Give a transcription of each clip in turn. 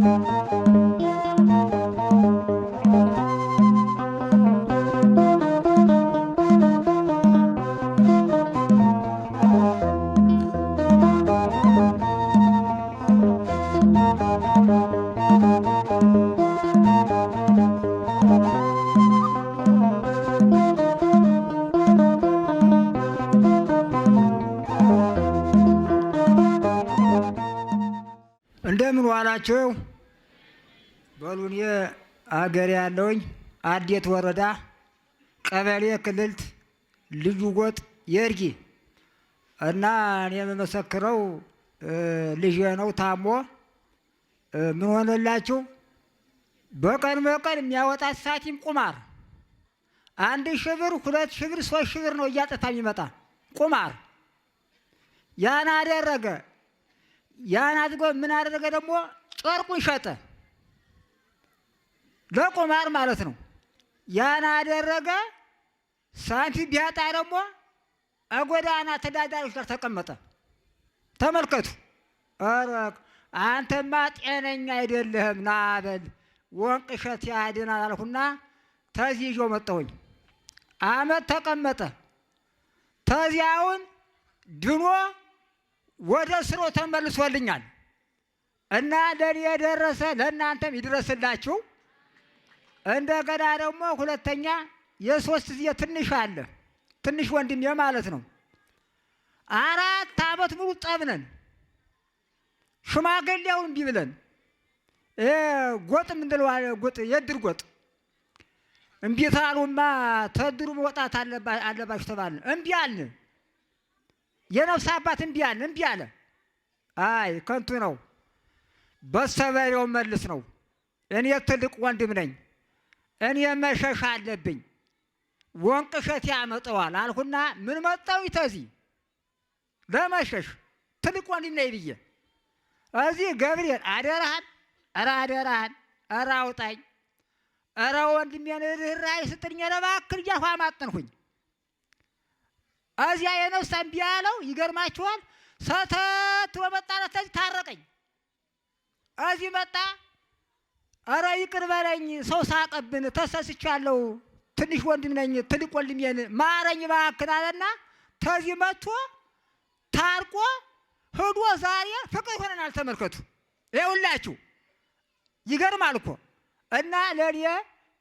Música ያለውኝ አዴት ወረዳ ቀበሌ ክልልት ልዩ ጎጥ የእርጊ እና እኔ የምመሰክረው ልጅ ነው ታሞ ምን ሆነላችሁ? በቀን በቀን የሚያወጣት ሳቲም ቁማር አንድ ሺህ ብር ሁለት ሺህ ብር ሶስት ሺህ ብር ነው እያጠታ የሚመጣ ቁማር። ያን አደረገ ያን አድጎ ምን አደረገ ደግሞ ጨርቁን ሸጠ። ለቁማር ማለት ነው። ያን አደረገ። ሳንቲም ቢያጣ ደግሞ አጎዳና ተዳዳሪዎች ጋር ተቀመጠ። ተመልከቱ። ኧረ አንተማ ጤነኛ አይደለህም፣ ናበል ወንቅ እሸት ያድናል አልኩና ተዚህ አመት ተቀመጠ። ተዚያውን ድኖ ወደ ስሮ ተመልሶልኛል እና ለኔ የደረሰ ለእናንተም ይድረስላችሁ። እንደገና ደግሞ ሁለተኛ የሶስት ጊዜ ትንሽ አለ ትንሽ ወንድሜ ማለት ነው። አራት አመት ሙሉ ጠብነን ሽማግሌውን እምቢ ብለን ጎጥ ምንድን ጎጥ የድር ጎጥ እምቢ ታሉማ ተድሩ መውጣት አለባችሁ ተባልን። እምቢ አልን። የነፍስ አባት እምቢ አልን። እምቢ አለ። አይ ከንቱ ነው፣ በሰበሬው መልስ ነው። እኔ ትልቅ ወንድም ነኝ። እኔ መሸሽ አለብኝ። ወንቅ እሸት ያመጠዋል አልሁና ምን መጣው ተዚህ ለመሸሽ ትልቅ ወንድና ይብዬ እዚህ ገብርኤል አደራህን፣ ኧረ አደራህን፣ ኧረ አውጣኝ፣ ኧረ ወንድሜን ርኅራኄ ስጥኝ፣ ኧረ እባክህ እያልኩ አማጥንሁኝ። እዚያ የነፍስ እምቢ ያለው ይገርማችኋል፣ ሰተት በመጣለት ታረቀኝ። እዚህ መጣ ኧረ ይቅር በለኝ፣ ሰው ሳቀብን፣ ተሰስቻለሁ፣ ትንሽ ወንድም ነኝ፣ ትልቅ ወንድም የን ማረኝ እባክህ አለና ተዚህ መጥቶ ታርቆ ህዶ ዛሬ ፍቅር ሆነናል። ተመልከቱ፣ ይኸውላችሁ ይገርማል እኮ እና ለእኔ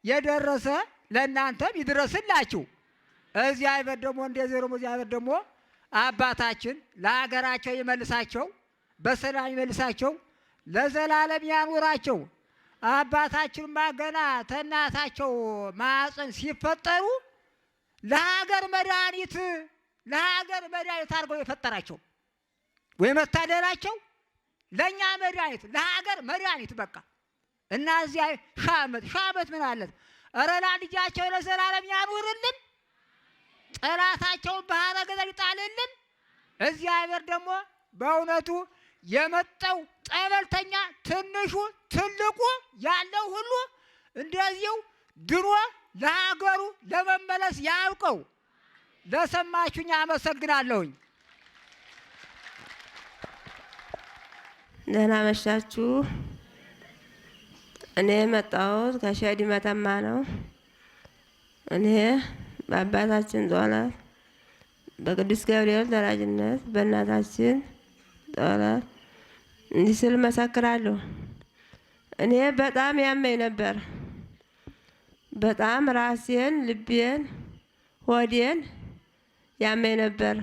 የደረሰ ለእናንተም ይድረስላችሁ። እግዚአብሔር ደግሞ እንደዚህ ደግሞ እግዚአብሔር ደግሞ አባታችን ለሀገራቸው ይመልሳቸው፣ በሰላም ይመልሳቸው፣ ለዘላለም ያኑራቸው። አባታችንማ ገና ተናታቸው ማዕፀን ሲፈጠሩ ለሀገር መድኃኒት ለሀገር መድኃኒት አድርገው የፈጠራቸው ወይ መታደላቸው ለእኛ መድኃኒት ለሀገር መድኃኒት በቃ እና እዚያ ሻመት ሻመት ምን አለት እረላ ልጃቸው ለዘላለም ያኑርልን፣ ጠላታቸውን ባህረ ገዛ ይጣልልን። እግዚአብሔር ደግሞ በእውነቱ የመጣው ጠበልተኛ፣ ትንሹ ትልቁ፣ ያለው ሁሉ እንደዚሁ ድሮ ለሀገሩ ለመመለስ ያብቀው። ለሰማችሁኝ አመሰግናለሁኝ። ደህና መሻችሁ። እኔ መጣሁት ከሸዲ መተማ ነው። እኔ በአባታችን ጸሎት በቅዱስ ገብርኤል ተራጅነት በእናታችን እንዲህ ስል መሰክራለሁ። እኔ በጣም ያመኝ ነበር። በጣም ራሴን፣ ልቤን፣ ሆዴን ያመኝ ነበር።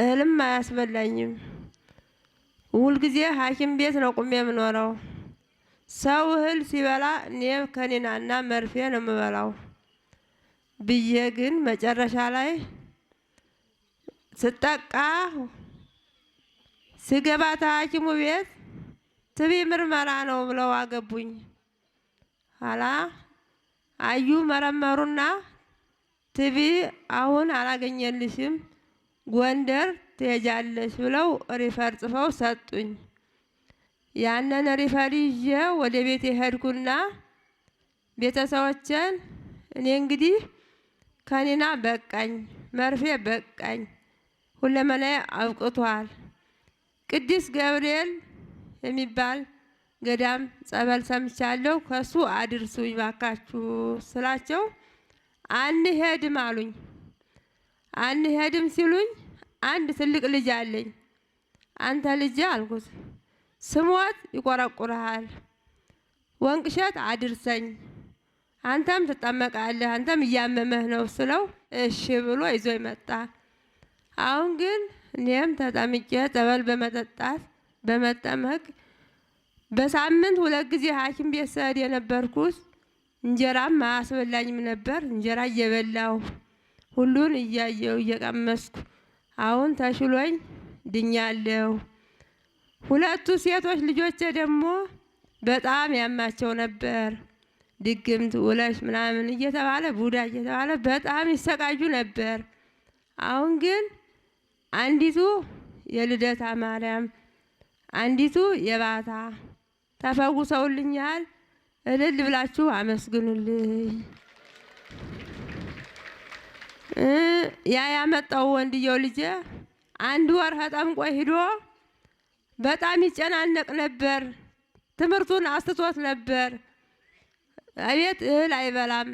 እህልም አያስበላኝም። ሁልጊዜ ሐኪም ቤት ነው ቁሜ የምኖረው። ሰው እህል ሲበላ እኔ ከኔናና መርፌ ነው የምበላው ብዬ ግን መጨረሻ ላይ ስጠቃ ስገባ ተሐኪሙ ቤት ትቢ ምርመራ ነው ብለው አገቡኝ። ኋላ አዩ መረመሩና ትቢ አሁን አላገኘልሽም፣ ጎንደር ትሄጃለሽ ብለው ሪፈር ጽፈው ሰጡኝ። ያንን ሪፈር ይዤ ወደ ቤት የሄድኩና ቤተሰቦቼን እኔ እንግዲህ ከኔና በቃኝ፣ መርፌ በቃኝ፣ ሁለመናዬ አብቅቷል ቅዱስ ገብርኤል የሚባል ገዳም ጸበል ሰምቻለሁ፣ ከሱ አድርሱኝ ባካችሁ ስላቸው አንሄድም አሉኝ። አንሄድም ሲሉኝ አንድ ትልቅ ልጅ አለኝ። አንተ ልጅ አልኩት፣ ስሞት ይቆረቁረሃል፣ ወንቅሸት አድርሰኝ፣ አንተም ትጠመቃለህ፣ አንተም እያመመህ ነው ስለው እሺ ብሎ ይዞ ይመጣ። አሁን ግን እኔም ተጠምቄ ጸበል በመጠጣት በመጠመቅ በሳምንት ሁለት ጊዜ ሐኪም ቤት ስሄድ የነበርኩት እንጀራም አያስበላኝም ነበር። እንጀራ እየበላሁ ሁሉን እያየው እየቀመስኩ አሁን ተሽሎኝ ድኛለሁ። ሁለቱ ሴቶች ልጆቼ ደግሞ በጣም ያማቸው ነበር። ድግምት ውለሽ ምናምን እየተባለ ቡዳ እየተባለ በጣም ይሰቃዩ ነበር። አሁን ግን አንዲቱ የልደታ ማርያም፣ አንዲቱ የባታ ተፈውሰውልኛል። እልል ብላችሁ አመስግኑልኝ። ያ ያመጣው ወንድየው ልጄ አንድ ወር ተጠምቆ ሂዶ በጣም ይጨናነቅ ነበር። ትምህርቱን አስትቶት ነበር። እቤት እህል አይበላም።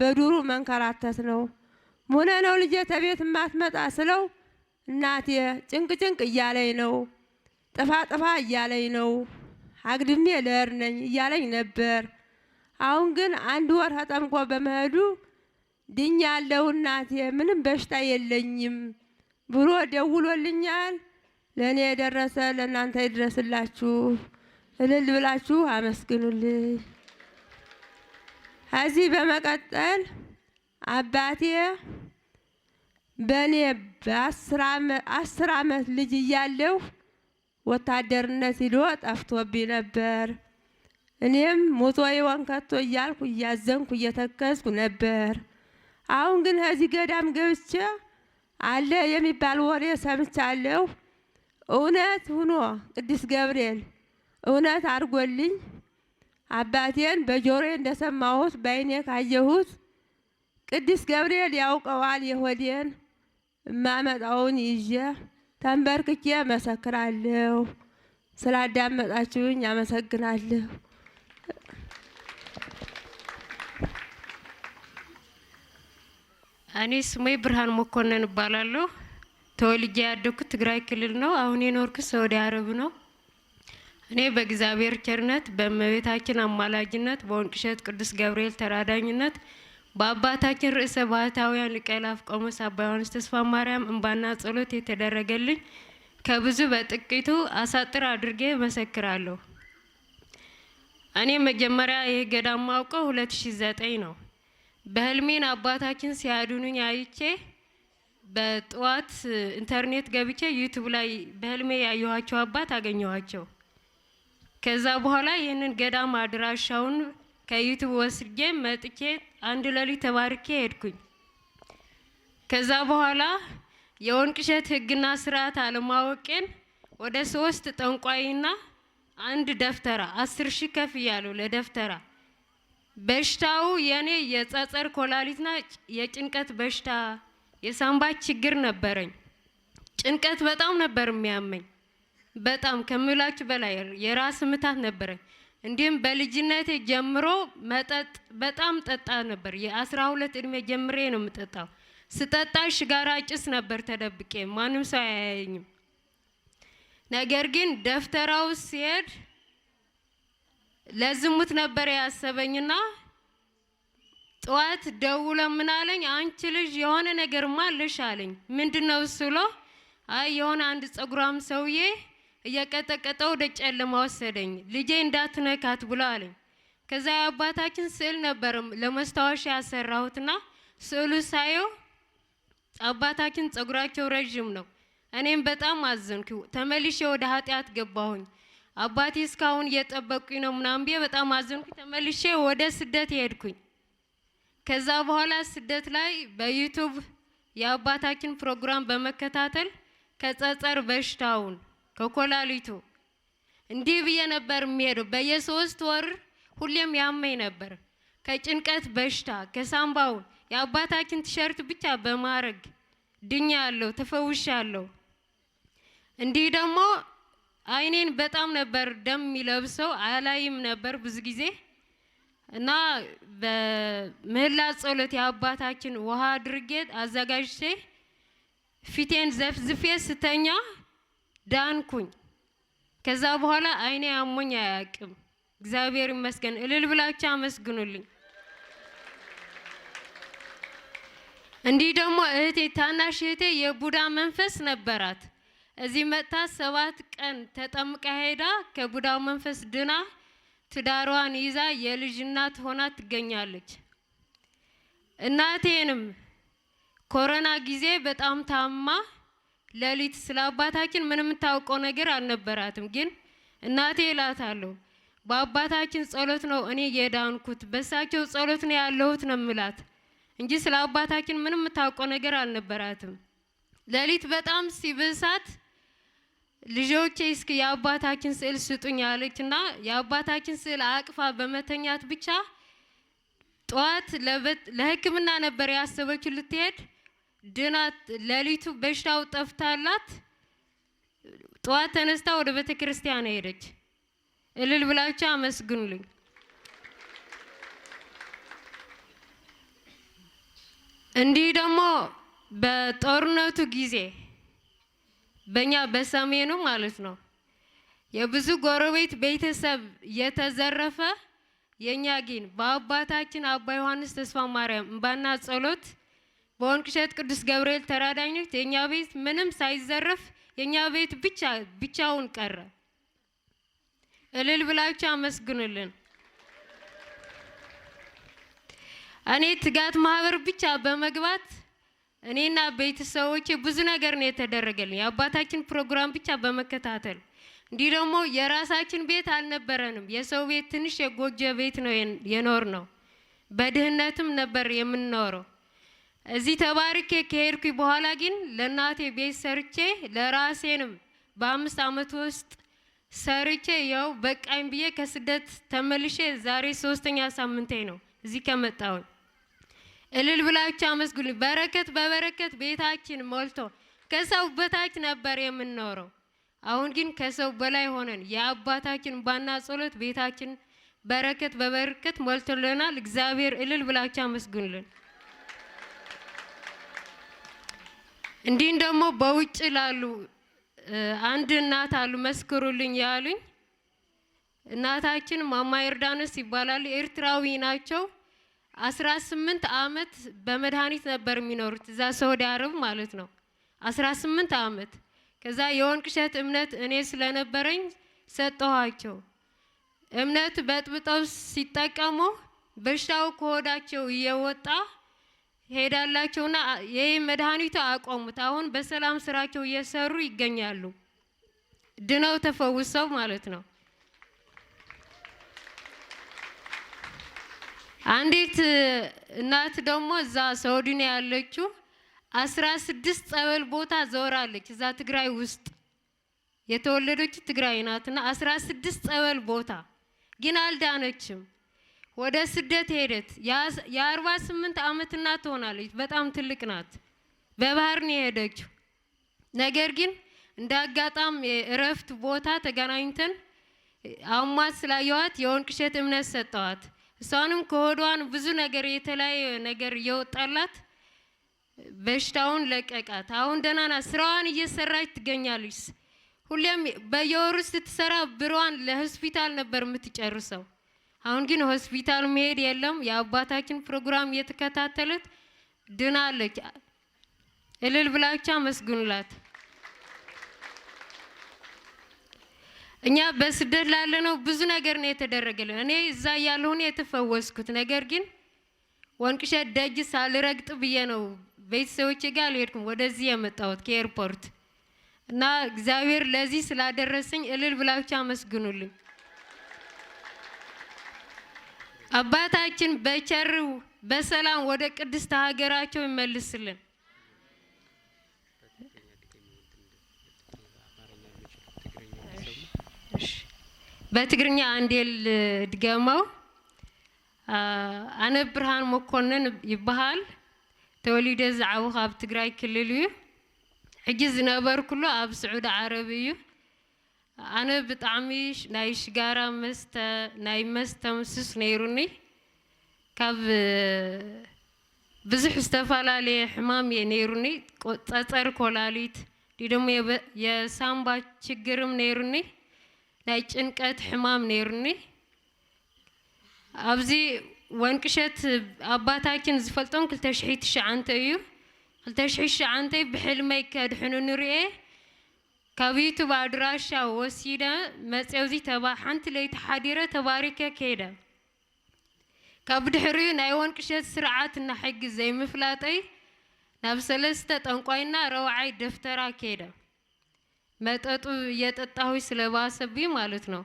በዱሩ መንከራተት ነው። ሙነ ነው ልጄ ተቤት ማትመጣ ስለው እናቴ ጭንቅ ጭንቅ እያለኝ ነው፣ ጥፋ ጥፋ እያለኝ ነው፣ አግድሜ ለር ነኝ እያለኝ ነበር። አሁን ግን አንድ ወር ተጠምቆ በመሄዱ ድኛለሁ እናቴ ምንም በሽታ የለኝም ብሎ ደውሎልኛል። ለእኔ የደረሰ ለእናንተ ይድረስላችሁ፣ እልል ብላችሁ አመስግኑልኝ። ከዚህ በመቀጠል አባቴ በእኔ በአስር ዓመት ልጅ እያለሁ ወታደርነት ሂዶ ጠፍቶብኝ ነበር። እኔም ሞቶ ይሆን ከቶ እያልኩ እያዘንኩ እየተከዝኩ ነበር። አሁን ግን ከዚህ ገዳም ገብቼ አለ የሚባል ወሬ ሰምቻለሁ። እውነት ሁኖ ቅዱስ ገብርኤል እውነት አድርጎልኝ አባቴን በጆሮዬ እንደሰማሁት በዓይኔ ካየሁት ቅዱስ ገብርኤል ያውቀዋል የሆዴን የማመጣውን ይዤ ተንበርክኬ አመሰክራለሁ። ስላዳመጣችሁኝ አመሰግናለሁ። እኔ ስሜ ብርሃን መኮንን እባላለሁ። ተወልጄ ያደኩት ትግራይ ክልል ነው። አሁን የኖርኩት ሳውዲ አረብ ነው። እኔ በእግዚአብሔር ቸርነት፣ በእመቤታችን አማላጅነት፣ በወንቅ እሸት ቅዱስ ገብርኤል ተራዳኝነት በአባታችን ርዕሰ ባህታውያን ሊቀ ቆሞስ አባ ዮሐንስ ተስፋ ማርያም እንባና ጸሎት የተደረገልኝ ከብዙ በጥቂቱ አሳጥር አድርጌ መሰክራለሁ። እኔ መጀመሪያ ይህ ገዳም ማውቀው 2009 ነው። በህልሜን አባታችን ሲያድኑኝ አይቼ በጠዋት ኢንተርኔት ገብቼ ዩቱብ ላይ በህልሜ ያየኋቸው አባት አገኘኋቸው። ከዛ በኋላ ይህንን ገዳም አድራሻውን ከዩቱብ ወስጄ መጥቼ አንድ ሌሊት ተባርኬ ሄድኩኝ። ከዛ በኋላ የወንቅሸት እሸት ህግና ስርዓት አለማወቄን ወደ ሶስት ጠንቋይና አንድ ደፍተራ አስር ሺህ ከፍ እያሉ ለደፍተራ በሽታው የኔ የጸጸር ኮላሊትና የጭንቀት በሽታ የሳምባ ችግር ነበረኝ። ጭንቀት በጣም ነበር የሚያመኝ፣ በጣም ከምላችሁ በላይ የራስ ምታት ነበረኝ። እንዲሁም በልጅነቴ ጀምሮ መጠጥ በጣም ጠጣ ነበር። የአስራ ሁለት እድሜ ጀምሬ ነው የምጠጣው። ስጠጣ ሽጋራ ጭስ ነበር ተደብቄ፣ ማንም ሰው አያየኝም። ነገር ግን ደፍተራው ሲሄድ ለዝሙት ነበር ያሰበኝና ጠዋት ደውሎ ምን አለኝ፣ አንቺ ልጅ የሆነ ነገር ማለሽ አለኝ። ምንድነው ስሎ አይ የሆነ አንድ ጸጉራም ሰውዬ እየቀጠቀጠ ወደ ጨለማ ወሰደኝ። ልጄ እንዳትነካት ብሎ አለኝ። ከዛ የአባታችን ስዕል ነበር ለመስታወሻ ያሰራሁትና ስዕሉ ሳየው አባታችን ጸጉራቸው ረዥም ነው። እኔም በጣም አዘንኩ። ተመልሼ ወደ ኃጢአት ገባሁኝ። አባቴ እስካሁን እየጠበቁኝ ነው ምናምን ብዬ በጣም አዘንኩ። ተመልሼ ወደ ስደት ሄድኩኝ። ከዛ በኋላ ስደት ላይ በዩቱብ የአባታችን ፕሮግራም በመከታተል ከጸጸር በሽታውን በኮላሊቱ እንዲህ ብዬ ነበር የሚሄደው። በየሶስት ወር ሁሌም ያመኝ ነበር። ከጭንቀት በሽታ ከሳምባው የአባታችን ቲሸርት ብቻ በማረግ ድኛ አለው ተፈውሻ አለው። እንዲህ ደግሞ አይኔን በጣም ነበር ደም የሚለብሰው አላይም ነበር ብዙ ጊዜ እና በምህላ ጸሎት የአባታችን ውሃ አድርጌ አዘጋጅቼ ፊቴን ዘፍዝፌ ስተኛ ዳንኩኝ። ከዛ በኋላ አይኔ አሞኝ አያውቅም። እግዚአብሔር ይመስገን። እልል ብላችሁ አመስግኑልኝ። እንዲህ ደግሞ እህቴ ታናሽ እህቴ የቡዳ መንፈስ ነበራት። እዚህ መጥታ ሰባት ቀን ተጠምቃ ሄዳ ከቡዳው መንፈስ ድና ትዳሯን ይዛ የልጅ እናት ሆና ትገኛለች። እናቴንም ኮሮና ጊዜ በጣም ታማ ለሊት ስለ አባታችን ምንም የምታውቀው ነገር አልነበራትም። ግን እናቴ እላታለሁ በአባታችን ጸሎት ነው እኔ የዳንኩት፣ በሳቸው ጸሎት ነው ያለሁት ነው ምላት እንጂ ስለ አባታችን ምንም የምታውቀው ነገር አልነበራትም። ለሊት በጣም ሲብሳት ልጆቼ እስኪ የአባታችን ስዕል ስጡኝ አለች እና የአባታችን ስዕል አቅፋ በመተኛት ብቻ ጠዋት ለሕክምና ነበር ያሰበችው ልትሄድ ድናት ሌሊቱ በሽታው ጠፍታላት ጠዋት ተነስታ ወደ ቤተ ክርስቲያን ሄደች። እልል ብላችሁ አመስግኑልኝ። እንዲህ ደግሞ በጦርነቱ ጊዜ በእኛ በሰሜኑ ማለት ነው የብዙ ጎረቤት ቤተሰብ የተዘረፈ የእኛ ግን በአባታችን አባ ዮሐንስ ተስፋ ማርያም እንባና ጸሎት በወንቅሸት ቅዱስ ገብርኤል ተራዳኞች የእኛ ቤት ምንም ሳይዘረፍ የእኛ ቤት ብቻ ብቻውን ቀረ። እልል ብላችሁ አመስግኑልን። እኔ ትጋት ማህበር ብቻ በመግባት እኔና ቤተሰቦቼ ብዙ ነገር ነው የተደረገልኝ። የአባታችን ፕሮግራም ብቻ በመከታተል እንዲህ ደግሞ የራሳችን ቤት አልነበረንም። የሰው ቤት ትንሽ የጎጆ ቤት ነው የኖር ነው። በድህነትም ነበር የምንኖረው። እዚህ ተባርኬ ከሄድኩ በኋላ ግን ለእናቴ ቤት ሰርቼ ለራሴንም በአምስት ዓመት ውስጥ ሰርቼ ያው በቃኝ ብዬ ከስደት ተመልሼ ዛሬ ሶስተኛ ሳምንቴ ነው እዚህ ከመጣሁኝ። እልል ብላችሁ አመስግኑ። በረከት በበረከት ቤታችን ሞልቶ ከሰው በታች ነበር የምንኖረው። አሁን ግን ከሰው በላይ ሆነን የአባታችን ባና ጸሎት ቤታችን በረከት በበረከት ሞልቶልናል። እግዚአብሔር እልል ብላችሁ አመስግኑልን። እንዲህም ደግሞ በውጭ ላሉ አንድ እናት አሉ መስክሩልኝ ያሉኝ እናታችን ማማ ዮርዳኖስ ይባላሉ። ኤርትራዊ ናቸው። አስራ ስምንት አመት በመድኃኒት ነበር የሚኖሩት እዛ ሰውዲ አረብ ማለት ነው። አስራ ስምንት አመት ከዛ የወንቅ እሸት እምነት እኔ ስለነበረኝ ሰጠኋቸው። እምነት በጥብጠው ሲጠቀሙ በሽታው ከሆዳቸው እየወጣ ሄዳላቸውና ይህ መድኃኒቱ አቆሙት። አሁን በሰላም ስራቸው እየሰሩ ይገኛሉ። ድነው ተፈውሰው ማለት ነው። አንዲት እናት ደግሞ እዛ ሰውዲን ያለችው አስራ ስድስት ጸበል ቦታ ዘወራለች። እዛ ትግራይ ውስጥ የተወለደች ትግራይ ናትና አስራ ስድስት ጸበል ቦታ ግን አልዳነችም። ወደ ስደት ሄደት የአርባ ስምንት አመት እናት ትሆናለች። በጣም ትልቅ ናት። በባህር ነው የሄደችው። ነገር ግን እንደ አጋጣም የእረፍት ቦታ ተገናኝተን አሟት ስላየዋት የወንቅሸት እምነት ሰጠዋት። እሷንም ከሆዷን ብዙ ነገር የተለያየ ነገር እየወጣላት በሽታውን ለቀቃት። አሁን ደህና ናት። ስራዋን እየሰራች ትገኛለች። ሁሌም በየወሩ ስትሰራ ብሯን ለሆስፒታል ነበር የምትጨርሰው። አሁን ግን ሆስፒታል መሄድ የለም። የአባታችን ፕሮግራም እየተከታተለት ድናለች። እልል ብላችሁ አመስግኑላት። እኛ በስደት ላለነው ብዙ ነገር ነው የተደረገልን። እኔ እዛ ያለሁን የተፈወስኩት ነገር ግን ወንቅሸት ደጅ ሳልረግጥ ብዬ ነው ቤተሰቦች ጋር አልሄድኩም ወደዚህ የመጣሁት ከኤርፖርት እና እግዚአብሔር ለዚህ ስላደረሰኝ እልል ብላችሁ አመስግኑልኝ። አባታችን በቸርው በሰላም ወደ ቅድስት ሀገራቸው ይመልስልን። በትግርኛ አንዴል ድገመው። አነ ብርሃን መኮንን ይበሃል ተወሊደ ዝዓቡ ካብ ትግራይ ክልል እዩ ሕጂ ዝነበርኩሉ ኣብ ስዑድ ዓረብ እዩ ኣነ ብጣዕሚ ናይ ሽጋራ መስተ ናይ መስተ ምስስ ነይሩኒ ካብ ብዙሕ ዝተፈላለየ ሕማም እየ ነይሩኒ ፀፀር ኮላሊት ደሞ የሳምባ ችግርም ነይሩኒ ናይ ጭንቀት ሕማም ነይሩኒ ኣብዚ ወንቅሸት ኣባታችን ዝፈልጦም 209 እዩ 209 ብሕልመይ ከድሕኑ ንሪኤ ካብኡ ትብ ኣድራሻ ወሲደ መፅውዚ ሓንቲ ለይቲ ሓዲረ ተባሪከ ከይደ ካብ ድሕሪኡ ናይ ወንቅሸት ስርዓት እና ሕጊ ዘይምፍላጠይ ናብ ሰለስተ ጠንቋይና ረውዓይ ደፍተራ ከይደ መጠጡ የጠጣሁ ስለባሰብዩ ማለት ነው።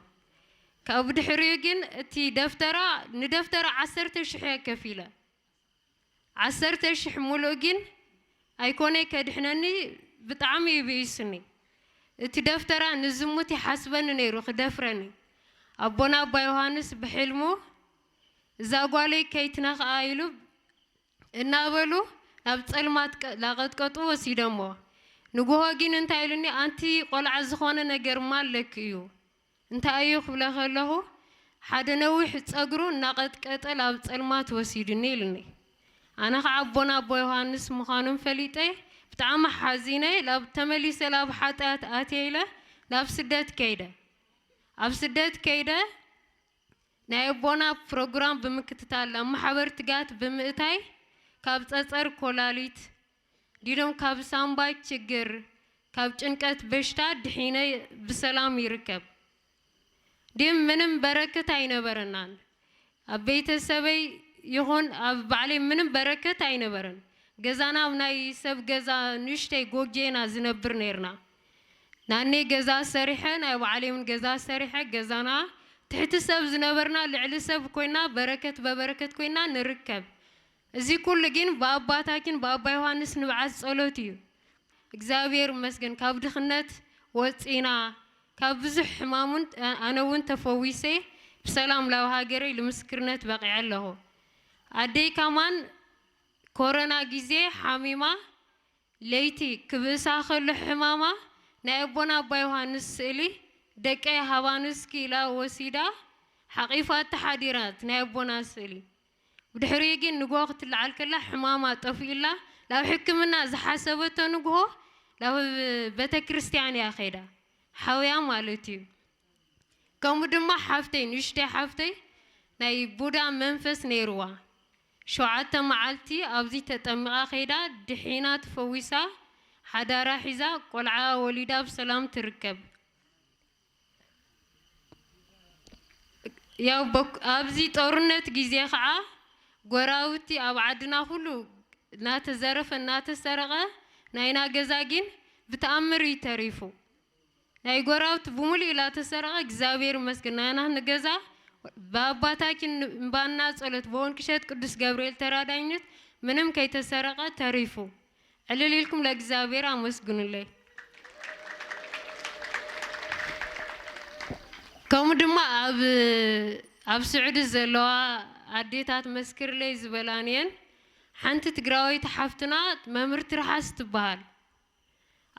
ካብ ድሕሪኡ ግን እቲ ደፍተራ ንደፍተራ ዓሰርተ ሽሕ ከፍ ኢለ ዓሰርተ ሽሕ ሙሉእ ግን ኣይኮነይ ከድሕነኒ ብጣዕሚ ይብኢሱኒ እቲ ደፍተራ ንዝሙት ይሓስበኒ ነይሩ ክደፍረኒ ኣቦና ኣባ ዮሃንስ ብሕልሙ እዛ ጓለይ ከይትና ከዓ ኢሉ እናበሉ ናብ ፀልማት ላቐጥቀጡ ወሲደሞ ንጉሆ ግን እንታይ ኢሉኒ ኣንቲ ቆልዓ ዝኾነ ነገርማ ኣለክ እዩ እንታይ እዩ ክብለ ከለኹ ሓደ ነዊሕ ፀጉሩ እናቐጥቀጠ ናብ ፀልማት ወሲድኒ ኢሉኒ ኣነ ከዓ ኣቦና ኣቦ ዮሃንስ ምዃኑም ፈሊጠ ብጣዕሚ ሓዚነ ተመሊሰ ናብ ሓጢኣት ኣትየ ኢለ ናብ ስደት ከይደ ኣብ ስደት ከይደ ናይ ኣቦና ፕሮግራም ብምክትታል ኣብ ትጋት ብምእታይ ካብ ፀፀር ኮላሊት ዲዶም ካብ ሳምባይ ችግር ካብ ጭንቀት በሽታ ድሒነ ብሰላም ይርከብ ድም ምንም በረከት ኣይነበረናን ኣብ ቤተሰበይ ይኹን ኣብ ባዕለይ ምንም በረከት ኣይነበረን ገዛናብ ናይ ሰብ ገዛ ንእሽተይ ጎጌና ዝነብር ነርና ናኔ ገዛ ሰሪሐ ናይ ባዕለይ ገዛ ሰሪሐ ገዛና ትሕቲ ሰብ ዝነበርና ልዕሊ ሰብ ኮይና በረከት በበረከት ኮይና ንርከብ እዚ ኩሉ ግን ብኣባታኪን ብኣባ ዮሃንስ ንብዓት ጸሎት እዩ እግዚኣብሔር መስገን ካብ ድኽነት ወፂና ካብ ብዙሕ ሕማሙን ኣነ እውን ተፈዊሰ ብሰላም ላብ ሃገረይ ልምስክርነት በቂዐ ኣለኹ ኣደይ ካማን ኮረና ግዜ ሓሚማ ለይቲ ክብእሳ ከሎ ሕማማ ናይ ኣቦና ኣባ ዮሃንስ ስእሊ ደቀይ ሃባንስ ኪኢላ ወሲዳ ሓቂፋት ተሓዲራት ናይ ኣቦና ስእሊ ብድሕሪ ግን ንግሆ ክትለዓል ከላ ሕማማ ጠፍኡላ ናብ ሕክምና ዝሓሰበቶ ንግሆ ናብ ቤተ ክርስቲያን እያ ኸይዳ ሓውያ ማለት እዩ ከምኡ ድማ ሓፍተይ ንእሽተይ ሓፍተይ ናይ ቡዳ መንፈስ ነይርዋ ሸውዓተ መዓልቲ ኣብዚ ተጠሚቓ ኸይዳ ድሒና ትፈዊሳ ሓዳራ ሒዛ ቆልዓ ወሊዳ ብሰላም ትርከብ ያው ኣብዚ ጦርነት ግዜ ከዓ ጎራውቲ ኣብ ዓድና ኩሉ እናተዘረፈ እናተሰረቀ ናይና ገዛ ግን ብተኣምር ተሪፉ ናይ ጎራውቲ ብሙሉእ ኢላ ተሰረቐ እግዚአብሔር መስግን ናይና ንገዛ በአባታችን እንባና ጸሎት በወንቅ እሸት ቅዱስ ገብርኤል ተራዳኝነት ምንም ከተሰረቀ ተሪፉ ዕልል ይልኩም ለእግዚአብሔር አመስግኑለይ። ከምኡ ድማ ኣብ ስዑድ ዘለዋ ኣዴታት መስክርለይ ዝበላን እየን ሓንቲ ትግራወይቲ ሓፍትና መምህርቲ ረሓስ ትበሃል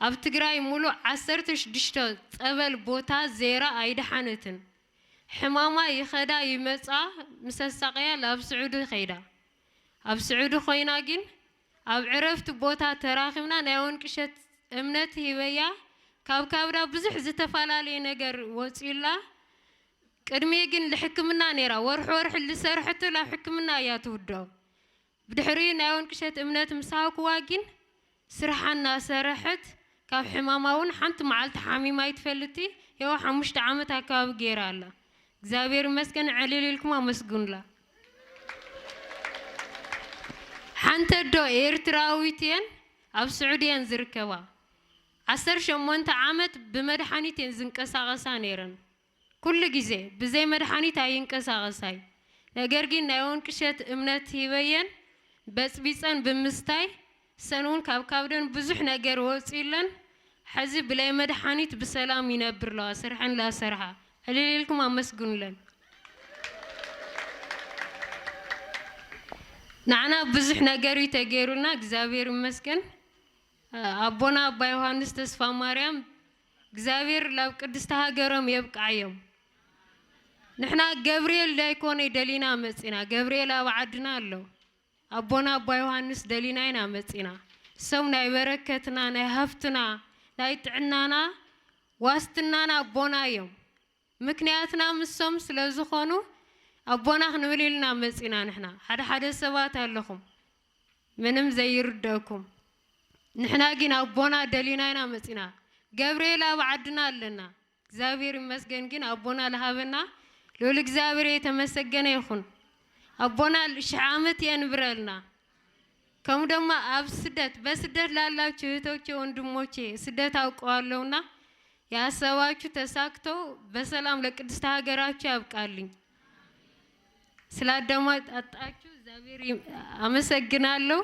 ኣብ ትግራይ ሙሉእ 16 ፀበል ቦታ ዜራ ኣይደሓነትን ሕማማ ይኸዳ ይመፃ ምሰሳቀያ ኣብ ስዑዱ ይኸይዳ ኣብ ስዑዱ ኮይና ግን ኣብ ዕረፍቲ ቦታ ተራኺብና ናይ ወንቅሸት እምነት ሂበያ ካብ ካብዳ ብዙሕ ዝተፈላለየ ነገር ወፂላ ቅድሜ ግን ንሕክምና ነይራ ወርሒ ወርሒ ዝሰርሐቶ ናብ ሕክምና እያ ትውድኦ ብድሕሪ ናይ ወንቅሸት እምነት ምሳሃክዋ ግን ስርሓ እናሰርሐት ካብ ሕማማ እውን ሓንቲ መዓልቲ ሓሚማ ይትፈልቲ የዋ ሓሙሽተ ዓመት ኣከባቢ ገይራ ኣላ እግዚአብሔር ይመስገን ዕልልልኩም ኣመስግኑላ ሓንቲ ኣዶ ኤርትራዊት እየን ኣብ ስዑድ እየን ዝርከባ ሸሞንተ ዓመት ብመድሓኒት እየን ዝንቀሳቐሳ ነይረን ኩሉ ግዜ ብዘይ መድሓኒት ኣይንቀሳቐሳይ ነገር ግን ናይ ቅሸት እምነት ሂበየን በፅቢፀን ብምስታይ ሰን እውን ካብ ካብደን ብዙሕ ነገር ወፂለን ሕዚ ብላይ መድሓኒት ብሰላም ይነብር ኣለዋ ስርሐን ላሰርሓ እልልኩም ኣመስግኑለን ንዓና ብዙሕ ነገር እዩ ተገይሩልና እግዚኣብሔር ይመስገን ኣቦና ኣባ ዮሃንስ ተስፋ ማርያም እግዚኣብሔር ናብ ቅድስቲ ሃገሮም የብቃ እዮም ንሕና ገብርኤል ዳይኮነ ደሊና መፂና ገብርኤል ኣብ ዓድና ኣሎ ኣቦና ኣባ ዮሃንስ ደሊና ኢና መፂና ሰም ናይ በረከትና ናይ ሃፍትና ናይ ጥዕናና ዋስትናና ኣቦና እዮም ምክንያትና ምሶም ስለ ዝኾኑ ኣቦና ክንብል ኢልና መፂና ንሕና ሓደ ሓደ ሰባት ኣለኹም ምንም ዘይርደኩም ንሕና ግን ኣቦና ደሊና ኢና መፂና ገብርኤል ኣብ ዓድና ኣለና እግዚኣብሔር ይመስገን ግን ኣቦና ዝሃበና ልብል እግዚኣብሔር የተመሰገነ ይኹን ኣቦና ሽሕ ዓመት የንብረልና ከምኡ ድማ ኣብ ስደት በስደት ላላቸው እህቶቼ ወንድሞቼ ስደት ኣውቀዋለውና ያሰባችሁ ተሳክተው በሰላም ለቅድስት ሀገራችሁ ያብቃልኝ። ስላዳመጣችሁ እግዚአብሔር አመሰግናለሁ።